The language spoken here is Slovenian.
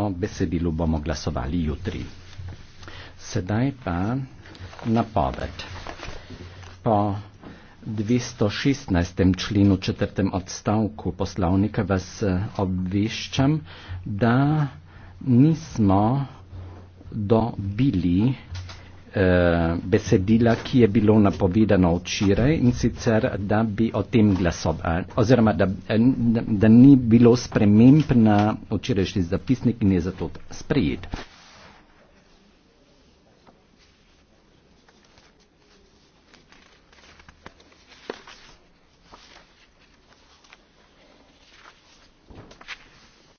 o besedilu bomo glasovali jutri. Sedaj pa napoved. Po 216. členu četrtem odstavku poslovnika vas eh, obveščam, da nismo dobili eh, besedila, ki je bilo napovedano včeraj in sicer, da bi o tem glasoval, oziroma da, da, eh, da ni bilo sprememb na včerajšnji zapisnik in je zato sprejet.